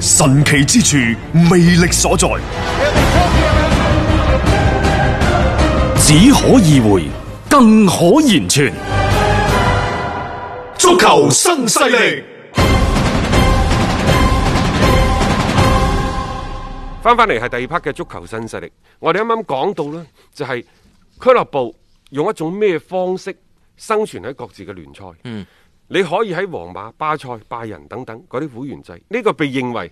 神奇之處，魅力所在，只可意會，更可言傳。足球新勢力，翻翻嚟係第二 part 嘅足球新勢力。我哋啱啱講到呢，就係俱樂部用一種咩方式生存喺各自嘅聯賽。嗯。你可以喺皇馬、巴塞、拜仁等等嗰啲會員制，呢、這個被認為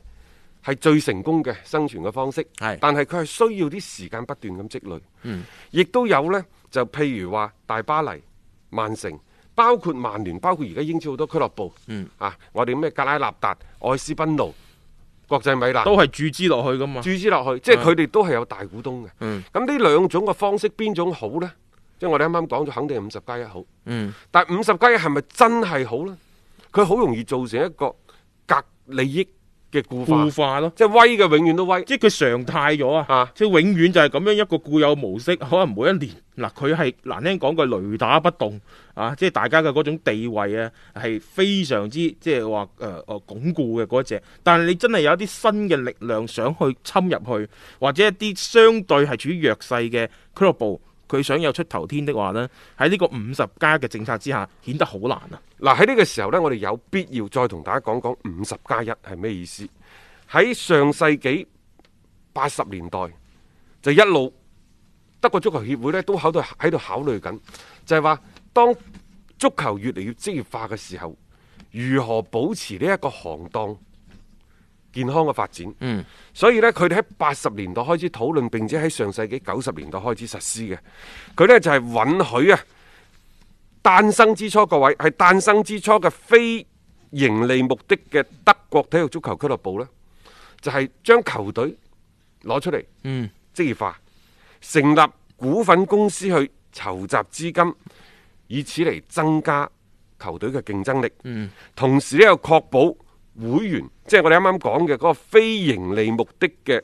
係最成功嘅生存嘅方式。係是，但係佢係需要啲時間不斷咁積累。嗯，亦都有呢。就譬如話大巴黎、曼城，包括曼聯，包括而家英超好多俱樂部。嗯，啊，我哋咩格拉納達、愛斯賓奴、國際米蘭，都係注資落去噶嘛？注資落去，嗯、即係佢哋都係有大股東嘅。嗯，咁呢兩種嘅方式邊種好呢？即係我哋啱啱講咗，肯定係五十加一好。嗯。但係五十加一係咪真係好咧？佢好容易造成一個隔利益嘅固化咯。固化即係威嘅永遠都威。即係佢常態咗啊！即係永遠就係咁樣一個固有模式。可能每一年嗱，佢係難聽講句雷打不動啊！即係大家嘅嗰種地位啊，係非常之即係話誒誒鞏固嘅嗰一隻。但係你真係有啲新嘅力量想去侵入去，或者一啲相對係處於弱勢嘅俱樂部。佢想有出頭天的話呢，喺呢個五十加一嘅政策之下，顯得好難啊！嗱、啊，喺呢個時候呢，我哋有必要再同大家講講五十加一係咩意思？喺上世紀八十年代，就一路德國足球協會呢都喺度喺度考慮緊，就係、是、話當足球越嚟越職業化嘅時候，如何保持呢一個行當？健康嘅發展，嗯、所以呢，佢哋喺八十年代開始討論，並且喺上世紀九十年代開始實施嘅。佢呢，就係允許啊，誕生之初各位係誕生之初嘅非盈利目的嘅德國體育足球俱樂部呢，就係、是、將球隊攞出嚟，嗯，職業化，嗯、成立股份公司去籌集資金，以此嚟增加球隊嘅競爭力。嗯，同時呢又確保，會員即係、就是、我哋啱啱講嘅嗰個非盈利目的嘅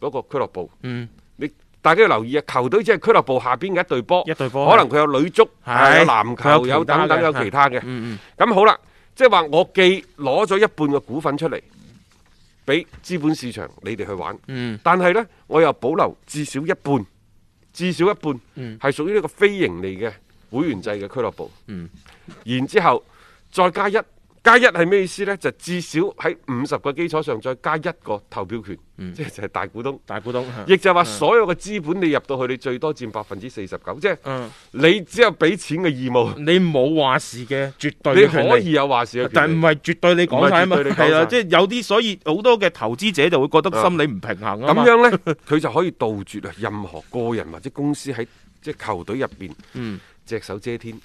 嗰個俱樂部，嗯、你大家要留意啊！球隊即係俱樂部下邊嘅一隊波，一隊可能佢有女足、是有籃球、有等,有等等、有其他嘅。咁、嗯嗯、好啦，即係話我既攞咗一半嘅股份出嚟，俾資本市場你哋去玩，嗯、但係呢，我又保留至少一半，至少一半係屬於呢個非盈利嘅會員制嘅俱樂部。嗯、然之後再加一。加一係咩意思呢？就至少喺五十個基礎上再加一個投票權，嗯、即係就係大股東。大股東，亦就話所有嘅資本你入到去，你最多佔百分之四十九，即係是是你只有俾錢嘅義務，你冇話事嘅絕對的，你可以有話事但唔係絕對你。絕對你講晒啊嘛，係啊了，即係 有啲，所以好多嘅投資者就會覺得心理唔平衡啊。咁樣呢，佢 就可以杜絕啊任何個人或者公司喺即係球隊入邊，嗯，隻手遮天。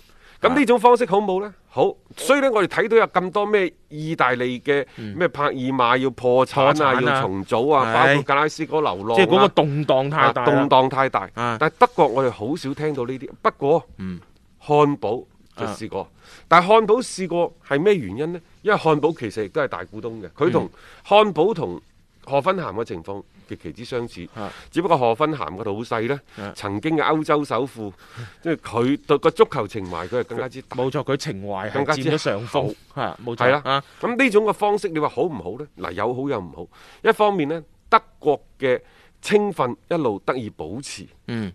咁呢種方式好冇呢？好，所以呢，我哋睇到有咁多咩意大利嘅咩帕爾馬要破產啊，產啊要重組啊，是包括格拉斯哥流浪、啊，即係嗰個動盪太大、啊，動蕩太大。啊、但係德國我哋好少聽到呢啲，不過、嗯、漢堡就試過。啊、但係漢堡試過係咩原因呢？因為漢堡其實亦都係大股東嘅，佢同漢堡同。何芬咸嘅情況極其之相似，只不過賀芬咸個老細呢，曾經嘅歐洲首富，即係佢對個足球情懷佢係更加之大，冇錯，佢情懷更加之上高，係啊冇錯。咁呢種嘅方式你話好唔好呢？嗱，有好有唔好。一方面呢，德國嘅青訓一路得以保持，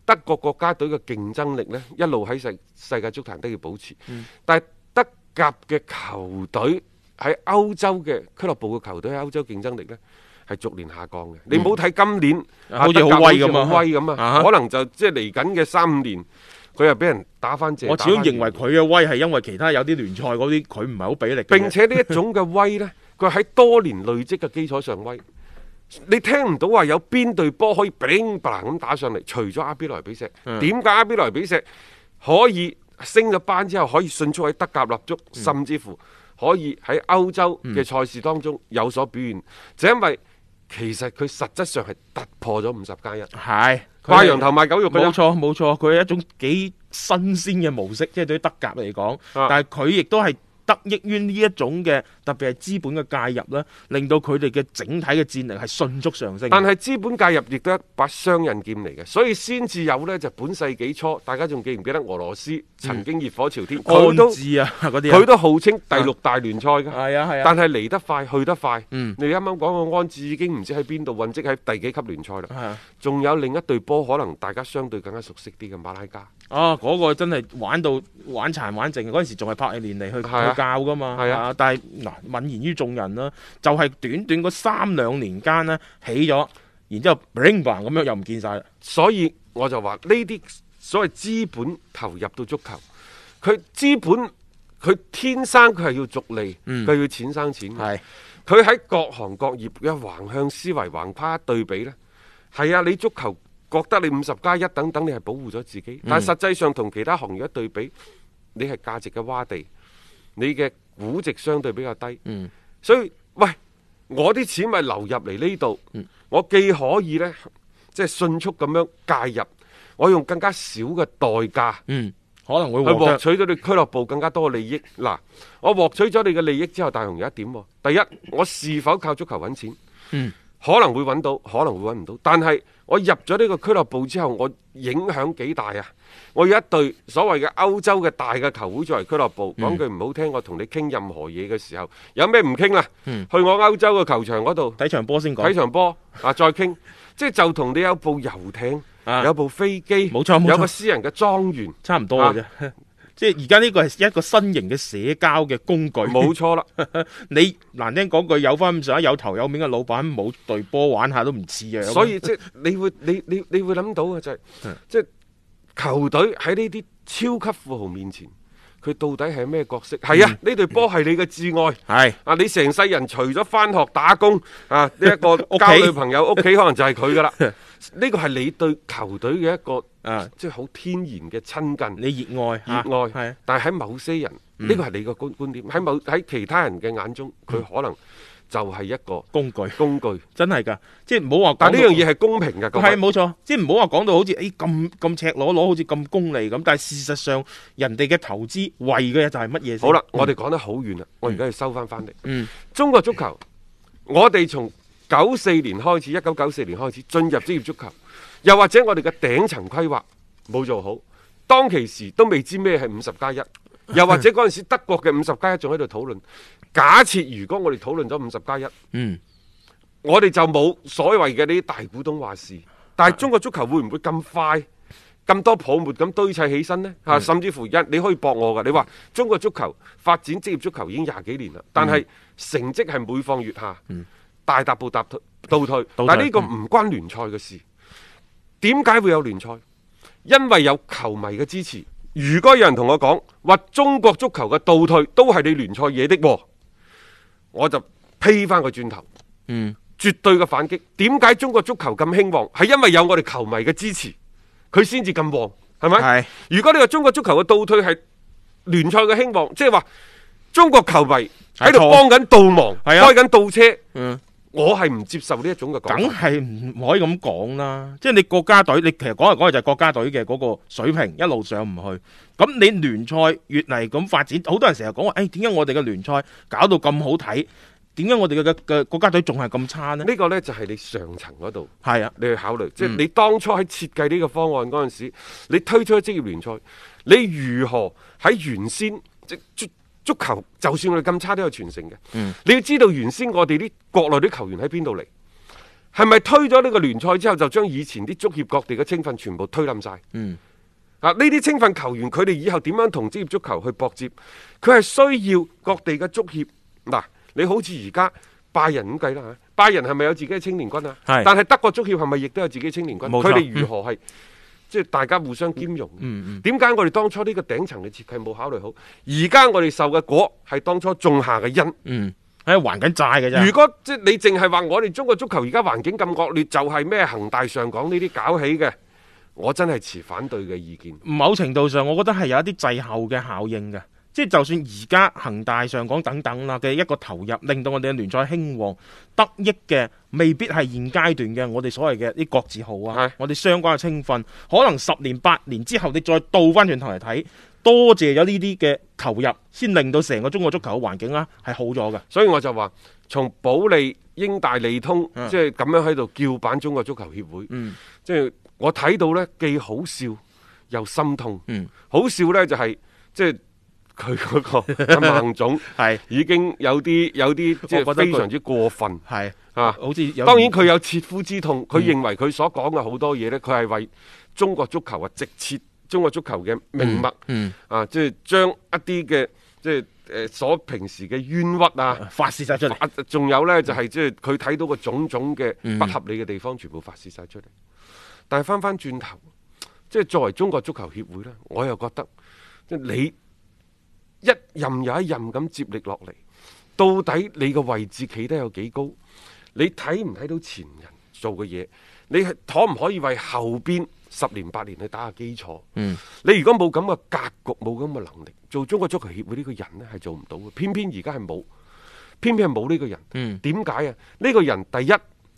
德國國家隊嘅競爭力呢一路喺世世界足壇得以保持。但係德甲嘅球隊喺歐洲嘅俱樂部嘅球隊喺歐洲競爭力呢，係逐年下降嘅，你冇睇今年，好似好威咁啊，可能就即係嚟緊嘅三五年，佢又俾人打翻正。我始終認為佢嘅威係因為其他有啲聯賽嗰啲，佢唔係好俾力。並且呢一種嘅威呢，佢喺 多年累積嘅基礎上威。你聽唔到話有邊隊波可以乒砰咁打上嚟，除咗阿比萊比錫，點解、嗯、阿比萊比錫可以升咗班之後可以迅速喺德甲立足，甚至乎可以喺歐洲嘅賽事當中有所表現，嗯、就因為。其實佢實質上係突破咗五十加一，係賣羊頭賣狗肉冇錯冇錯，佢係和一種幾新鮮嘅模式，即、就、係、是、對德甲嚟講，的但係佢亦都係。得益於呢一種嘅特別係資本嘅介入呢令到佢哋嘅整體嘅戰力係迅速上升。但係資本介入亦都一把雙刃劍嚟嘅，所以先至有呢，就本世紀初，大家仲記唔記得俄羅斯曾經熱火朝天？嗯、都安治啊，嗰啲人，佢都號稱第六大聯賽㗎。啊係啊係啊、但係嚟得快去得快。嗯、你啱啱講個安治已經唔知喺邊度混跡喺第幾級聯賽啦。仲、啊、有另一隊波可能大家相對更加熟悉啲嘅馬拉加。哦、啊，嗰、嗰個真係玩到玩殘玩剩，嗰陣時仲係拍起連嚟去。教噶嘛，係啊，但係嗱，泯然於眾人啦。就係、是、短短嗰三兩年間呢，起咗，然之後 bling bang 咁樣又唔見晒。所以我就話呢啲所謂資本投入到足球，佢資本佢天生佢係要逐利，佢、嗯、要錢生錢。係的，佢喺各行各業嘅橫向思維、橫跨一對比呢，係啊，你足球覺得你五十加一等等，你係保護咗自己，嗯、但係實際上同其他行業一對比，你係價值嘅窪地。你嘅估值相對比較低，嗯、所以喂，我啲錢咪流入嚟呢度，嗯、我既可以呢，即係迅速咁樣介入，我用更加少嘅代價、嗯，可能會獲，去獲取咗你俱樂部更加多嘅利益。嗱，我獲取咗你嘅利益之後，大雄有一點，第一，我是否靠足球搵錢？嗯可能會揾到，可能會揾唔到。但係我入咗呢個俱樂部之後，我影響幾大啊！我有一隊所謂嘅歐洲嘅大嘅球會作為俱樂部，講、嗯、句唔好聽，我同你傾任何嘢嘅時候，有咩唔傾啊？嗯、去我歐洲嘅球場嗰度睇場波先講睇場波 啊，再傾。即係就同你有部遊艇， 有部飛機，冇錯錯，有個私人嘅莊園，差唔多嘅啫。啊 即係而家呢個係一個新型嘅社交嘅工具，冇錯啦。 你難聽講句，有翻咁上下有頭有面嘅老闆，冇隊波玩下都唔似嘅。所以即係 你會你你你會諗到嘅就係、是，嗯、即係球隊喺呢啲超級富豪面前，佢到底係咩角色？係、嗯、啊，呢隊波係你嘅摯愛。係啊、嗯，是你成世人除咗翻學打工啊呢一、這個交女朋友，屋企可能就係佢噶啦。呢個係你對球隊嘅一個。啊，即係好天然嘅親近，你熱愛，熱愛，但係喺某些人，呢個係你個觀觀點。喺某喺其他人嘅眼中，佢可能就係一個工具，工具，真係噶。即係唔好話。但呢樣嘢係公平嘅，係冇錯。即係唔好話講到好似誒咁咁赤裸裸，好似咁功利咁。但係事實上，人哋嘅投資為嘅嘢就係乜嘢？好啦，我哋講得好遠啦，我而家要收翻翻嚟。中國足球，我哋從九四年開始，一九九四年開始進入職業足球。又或者我哋嘅頂層規劃冇做好，當其時都未知咩係五十加一。1, 又或者嗰陣時德國嘅五十加一仲喺度討論。假設如果我哋討論咗五十加一，1, 嗯，我哋就冇所謂嘅呢啲大股東話事。但係中國足球會唔會咁快咁多泡沫咁堆砌起身呢？啊，甚至乎一你可以駁我噶，你話中國足球發展職業足球已經廿幾年啦，但係成績係每況愈下，嗯、大踏步踏倒退。倒退，但係呢個唔關聯賽嘅事。點解會有聯賽？因為有球迷嘅支持。如果有人同我講話中國足球嘅倒退都係你聯賽惹的，我就批翻個轉頭。嗯，絕對嘅反擊。點解中國足球咁興旺？係因為有我哋球迷嘅支持，佢先至咁旺，係咪？係是。如果呢個中國足球嘅倒退係聯賽嘅興旺，即係話中國球迷喺度幫緊倒忙，錯開緊倒車。嗯。我係唔接受呢一種嘅，梗係唔可以咁講啦。即係你國家隊，你其實講嚟講去就係國家隊嘅嗰個水平一路上唔去。咁你聯賽越嚟咁發展，好多人成日講話，誒，點解我哋嘅聯賽搞到咁好睇？點解我哋嘅嘅嘅國家隊仲係咁差呢？呢個呢就係你上層嗰度係啊，你去考慮，即係你當初喺設計呢個方案嗰陣時，你推出職業聯賽，你如何喺原先即？足球就算佢咁差都有傳承嘅，嗯、你要知道原先我哋啲國內啲球員喺邊度嚟？係咪推咗呢個聯賽之後就將以前啲足協各地嘅青訓全部推冧晒？嗯，啊呢啲青訓球員佢哋以後點樣同職業足球去搏接？佢係需要各地嘅足協嗱、啊，你好似而家拜仁咁計啦吓，拜仁係咪有自己嘅青年軍啊？是但係德國足協係咪亦都有自己嘅青年軍？佢哋錯如何係？嗯即係大家互相兼容。點解我哋當初呢個頂層嘅設計冇考慮好？而家我哋受嘅果係當初種下嘅因，喺、嗯、還緊債嘅啫。如果即係你淨係話我哋中國足球而家環境咁惡劣，就係咩恒大上港呢啲搞起嘅，我真係持反對嘅意見。某程度上，我覺得係有一啲滯後嘅效應嘅。即就算而家恒大、上港等等啦嘅，一個投入，令到我哋嘅聯賽興旺得益嘅，未必係現階段嘅我哋所謂嘅啲國字號啊，我哋的相關嘅青訓，可能十年八年之後，你再倒翻轉頭嚟睇，多謝咗呢啲嘅投入，先令到成個中國足球嘅環境啊係好咗嘅。所以我就話，從保利、英大、利通，即係咁樣喺度叫板中國足球協會，嗯，即係我睇到咧，既好笑又心痛。嗯，好笑咧就係即係。就是佢嗰個孟總係已經有啲有啲，即係非常之過分。係 得啊，好似當然佢有切膚之痛，佢、嗯、認為佢所講嘅好多嘢呢，佢係為中國足球啊，直切中國足球嘅命脈。嗯嗯、啊，即、就、係、是、將一啲嘅即係誒所平時嘅冤屈啊，發泄晒出嚟。仲有呢，就係即係佢睇到個種種嘅不合理嘅地方，全部發泄晒出嚟。嗯、但係翻翻轉頭，即、就、係、是、作為中國足球協會呢，我又覺得即係、就是、你。一任又一任咁接力落嚟，到底你個位置企得有幾高？你睇唔睇到前人做嘅嘢？你可唔可以為後邊十年八年去打下基礎？嗯，你如果冇咁嘅格局，冇咁嘅能力，做中國足球協會呢個人呢係做唔到嘅。偏偏而家係冇，偏偏係冇呢個人。嗯，點解啊？呢個人第一，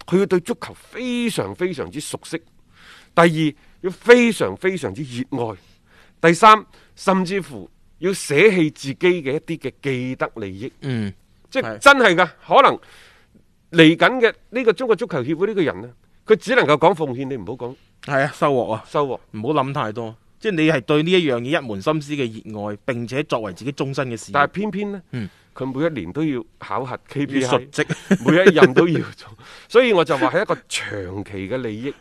佢要對足球非常非常之熟悉；第二，要非常非常之熱愛；第三，甚至乎。要捨棄自己嘅一啲嘅既得利益，嗯，即係真係噶，是可能嚟緊嘅呢個中國足球協會呢個人呢，佢只能夠講奉獻，你唔好講，係啊，收穫啊，收穫獲，唔好諗太多，即係你係對呢一樣嘢一門心思嘅熱愛，並且作為自己終身嘅事。但係偏偏呢，佢、嗯、每一年都要考核 KPI，職每一任都要做， 所以我就話喺一個長期嘅利益，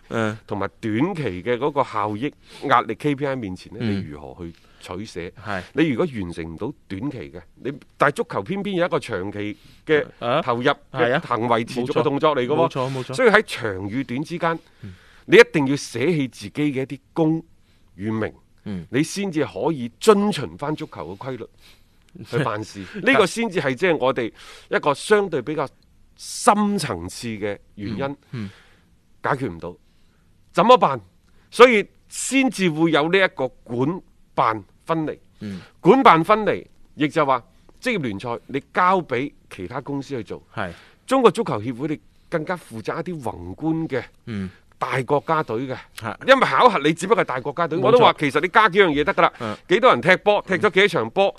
同埋 短期嘅嗰個效益壓力 KPI 面前咧，嗯、你如何去？取捨，係是你如果完成唔到短期嘅你，但係足球偏偏有一個長期嘅投入嘅行為持續嘅動作嚟嘅喎，冇錯冇錯。錯所以喺長與短之間，嗯、你一定要捨棄自己嘅一啲功與名，嗯、你先至可以遵循翻足球嘅規律去辦事。呢、嗯、個先至係即係我哋一個相對比較深層次嘅原因。嗯嗯、解決唔到，怎麼辦？所以先至會有呢一個管辦。分離，管辦分離，亦就話職業聯賽你交俾其他公司去做。係是中國足球協會，你更加負責一啲宏觀嘅、嗯、大國家隊嘅。是因為考核你只不過係大國家隊，錯我都話其實你加幾樣嘢得噶啦，幾是多人踢波，踢咗、嗯、幾多場波。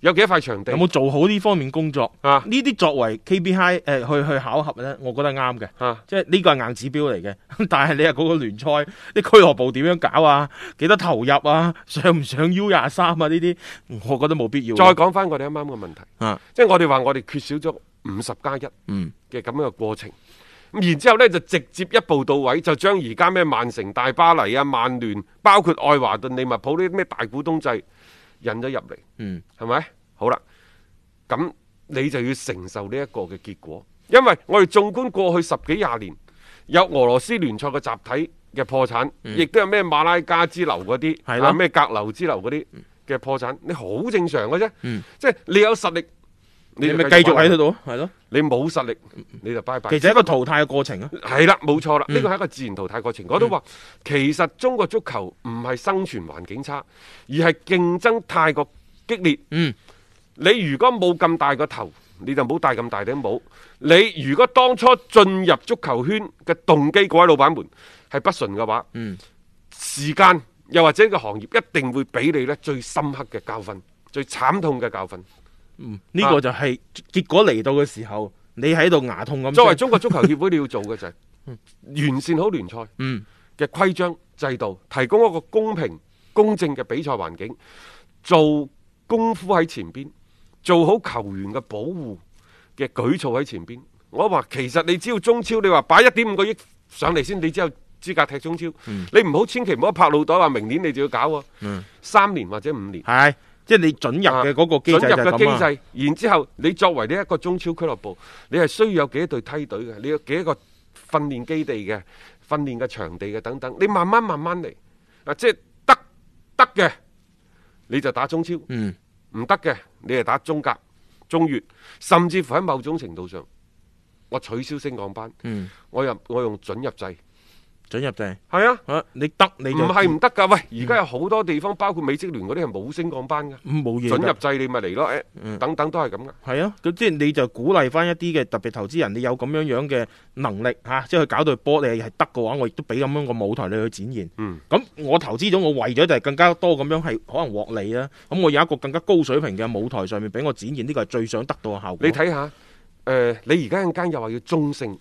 有幾多塊場地？有冇做好呢方面工作？啊，呢啲作為 KPI 誒、呃、去去考核咧，我覺得啱嘅。啊，即係呢個係硬指標嚟嘅。但係你話嗰個聯賽啲俱樂部點樣搞啊？幾多投入啊？上唔上 U 廿三啊？呢啲我覺得冇必要。再講翻我哋啱啱嘅問題。啊，即係我哋話我哋缺少咗五十加一嗯嘅咁樣嘅過程。咁、嗯、然之後咧，就直接一步到位，就將而家咩曼城、大巴黎啊、曼聯，包括愛華頓、利物浦呢啲咩大股東制。引咗入嚟，嗯，係咪？好啦，咁你就要承受呢一個嘅結果，因為我哋縱觀過去十幾廿年，有俄羅斯聯賽嘅集體嘅破產，亦都、嗯、有咩馬拉加之流嗰啲，係啦的，咩、啊、格流之流嗰啲嘅破產，嗯、你好正常嘅啫，即係、嗯、你有實力。你咪繼續喺嗰度，係咯？你冇實力你就拜拜。其實一個淘汰嘅過程啊，係啦，冇錯啦，呢個係一個自然淘汰過程。我都話，其實中國足球唔係生存環境差，而係競爭太過激烈。嗯，你如果冇咁大個頭，你就冇戴咁大頂帽。你如果當初進入足球圈嘅動機，各位老闆們係不純嘅話，嗯，時間又或者個行業一定會俾你咧最深刻嘅教訓，最慘痛嘅教訓。嗯，呢個就係結果嚟到嘅時候，你喺度牙痛咁。作為中國足球協會，你要做嘅就係完善好聯賽，嗯嘅規章制度，提供一個公平公正嘅比賽環境，做功夫喺前邊，做好球員嘅保護嘅舉措喺前邊。我話其實你只要中超，你話擺一點五個億上嚟先，你只有資格踢中超。嗯，你唔好千祈唔好拍腦袋話明年你就要搞，三年或者五年係。嗯嗯即係你準入嘅嗰個機制咁啊！然之後你作為呢一個中超俱樂部，你係需要有幾多隊梯隊嘅，你有幾多個訓練基地嘅、訓練嘅場地嘅等等，你慢慢慢慢嚟啊！即係得得嘅你就打中超，唔得嘅你就打中甲、嗯、中乙，甚至乎喺某種程度上，我取消升降班，我、嗯、我用準入制。準入制係啊，啊，你得你就唔係唔得噶？喂，而家有好多地方，嗯、包括美職聯嗰啲係冇升降班嘅，冇嘢。準入制你咪嚟咯，嗯、欸，等等都係咁嘅。係啊，咁即係你就鼓勵翻一啲嘅特別投資人，你有咁樣樣嘅能力吓，即係去搞到波，你係得嘅話，我亦都俾咁樣個舞台你去展現。嗯，咁我投資咗，我為咗就係更加多咁樣係可能獲利啊。咁我有一個更加高水平嘅舞台上面俾我展現，呢、這個係最想得到嘅效果。你睇下，誒、呃，你而家陣間又話要中性。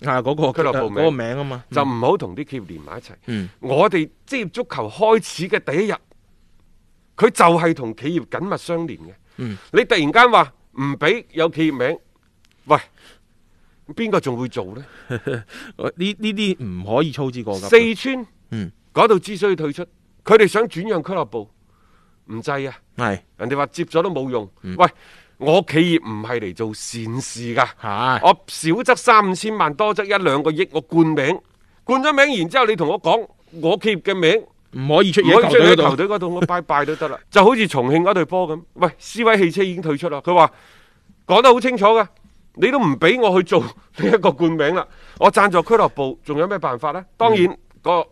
嗰、啊那個俱樂部名、啊那個名啊嘛，嗯、就唔好同啲企業連埋一齊。嗯、我哋職業足球開始嘅第一日，佢就係同企業緊密相連嘅。嗯、你突然間話唔俾有企業名，喂，邊個仲會做咧？呢呢啲唔可以操之過急。四川，嗯，嗰度之所以退出，佢哋想轉讓俱樂部，唔制啊。係是人哋話接咗都冇用。嗯、喂。我企業唔係嚟做善事噶，的我少則三五千萬，多則一兩個億，我冠名，冠咗名，然之後你同我講，我企業嘅名唔可以出現，球隊可以出嗰度，球隊嗰度我拜拜都得啦， 就好似重慶嗰隊波咁，喂，斯威汽車已經退出啦，佢話講得好清楚噶，你都唔俾我去做呢一個冠名啦，我贊助俱樂部，仲有咩辦法咧？當然個。嗯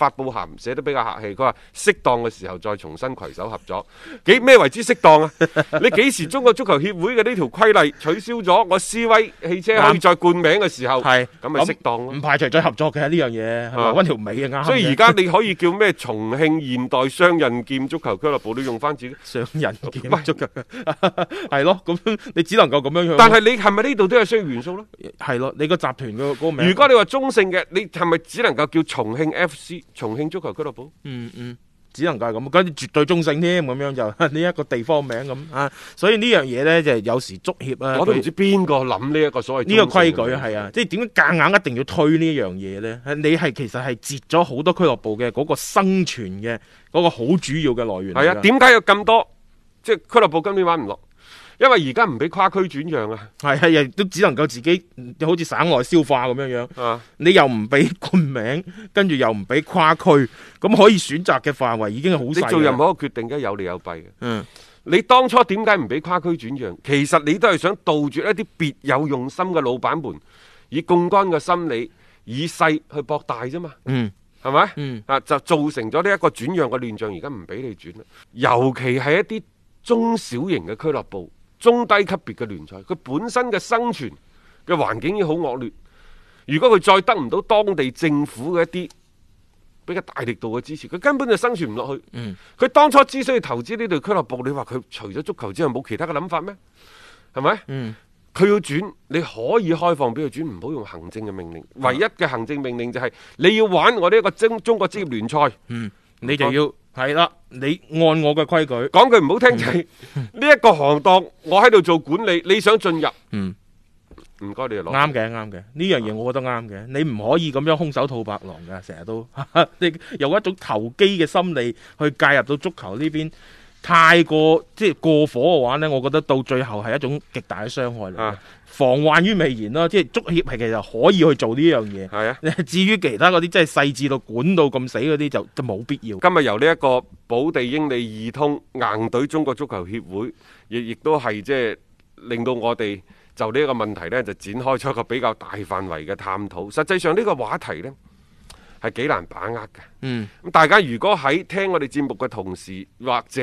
發佈函寫得比較客氣，佢話適當嘅時候再重新攜手合作。幾咩為之適當啊？你幾時中國足球協會嘅呢條規例取消咗？我斯威汽車可以再冠名嘅時候，係咁咪適當咯？唔、嗯、排除再合作嘅呢樣嘢，屈條尾啊啱。所以而家你可以叫咩？重慶現代雙刃劍足球俱樂部都用翻自己。雙刃劍足球係咯，咁 是 你只能夠咁樣。但係你係咪呢度都有需要元素咧？係咯，你個集團嗰個名。如果你話中性嘅，你係咪只能夠叫重慶 FC？重慶足球俱樂部。嗯嗯，只能夠係咁，跟住絕對中性添，咁樣就呢一個地方名咁啊，所以呢樣嘢咧，就有時足協啊，我都唔知邊個諗呢一個所謂呢個規矩，係啊，即係點解夾硬一定要推呢樣嘢咧？你係其實係截咗好多俱樂部嘅嗰個生存嘅嗰個好主要嘅來源來。係啊，點解有咁多即係俱樂部今年玩唔落？因為而家唔俾跨區轉讓啊，係啊，亦都只能夠自己好似省外消化咁樣樣。啊，你又唔俾冠名，跟住又唔俾跨區，咁可以選擇嘅範圍已經係好細。你做任何一個決定都有利有弊嘅。嗯，你當初點解唔俾跨區轉讓？其實你都係想杜絕一啲別有用心嘅老闆們以槓桿嘅心理以勢去博大啫嘛。嗯吧，係咪？嗯，啊，就造成咗呢一個轉讓嘅亂象。而家唔俾你轉啦，尤其係一啲中小型嘅俱樂部。中低級別嘅聯賽，佢本身嘅生存嘅環境已經好惡劣。如果佢再得唔到當地政府嘅一啲比較大力度嘅支持，佢根本就生存唔落去。佢、嗯、當初之所以投資呢隊俱樂部，你話佢除咗足球之外冇其他嘅諗法咩？係咪？佢、嗯、要轉，你可以開放俾佢轉，唔好用行政嘅命令。唯一嘅行政命令就係、是、你要玩我呢一個中中國職業聯賽，嗯、你就要。係啦，你按我嘅規矩，講句唔好聽就係呢一個行當，我喺度做管理，你想進入，嗯，唔該你攞啱嘅，啱嘅呢樣嘢我覺得啱嘅，嗯、你唔可以咁樣空手套白狼噶，成日都 你由一種投機嘅心理去介入到足球呢邊。太過即係過火嘅話呢，我覺得到最後係一種極大嘅傷害嚟嘅。啊，防患於未然咯，即係足協係其實可以去做呢樣嘢。係啊，至於其他嗰啲真係細致到管到咁死嗰啲，就就冇必要。今日由呢一個寶地英利二通硬懟中國足球協會，亦亦都係即係令到我哋就呢一個問題呢，就展開咗一個比較大範圍嘅探討。實際上呢個話題呢。係幾難把握嘅。嗯，咁大家如果喺聽我哋節目嘅同時，或者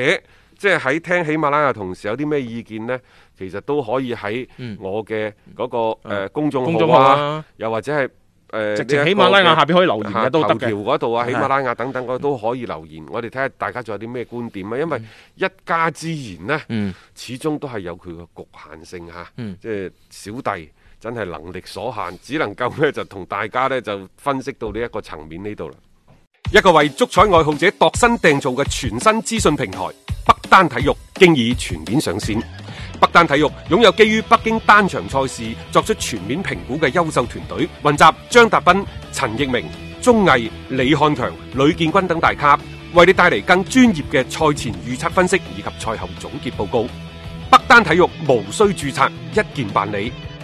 即係喺聽喜馬拉雅同時，有啲咩意見呢？其實都可以喺我嘅嗰個誒公眾號啊，又或者係誒直情喜馬拉雅下邊可以留言嘅都得。條嗰度啊，喜馬拉雅等等都可以留言。我哋睇下大家仲有啲咩觀點啊，因為一家之言呢，始終都係有佢個局限性嚇。即係小弟。真係能力所限，只能夠咧就同大家咧就分析到呢一個層面呢度啦。一個為足彩愛好者度身訂造嘅全新資訊平台北單體育，經已全面上線。北單體育擁有基於北京單場賽事作出全面評估嘅優秀團隊，雲集張達斌、陳奕明、鍾毅、李漢強、呂建軍等大咖，為你帶嚟更專業嘅賽前預測分析以及賽後總結報告。北單體育無需注冊，一鍵辦理。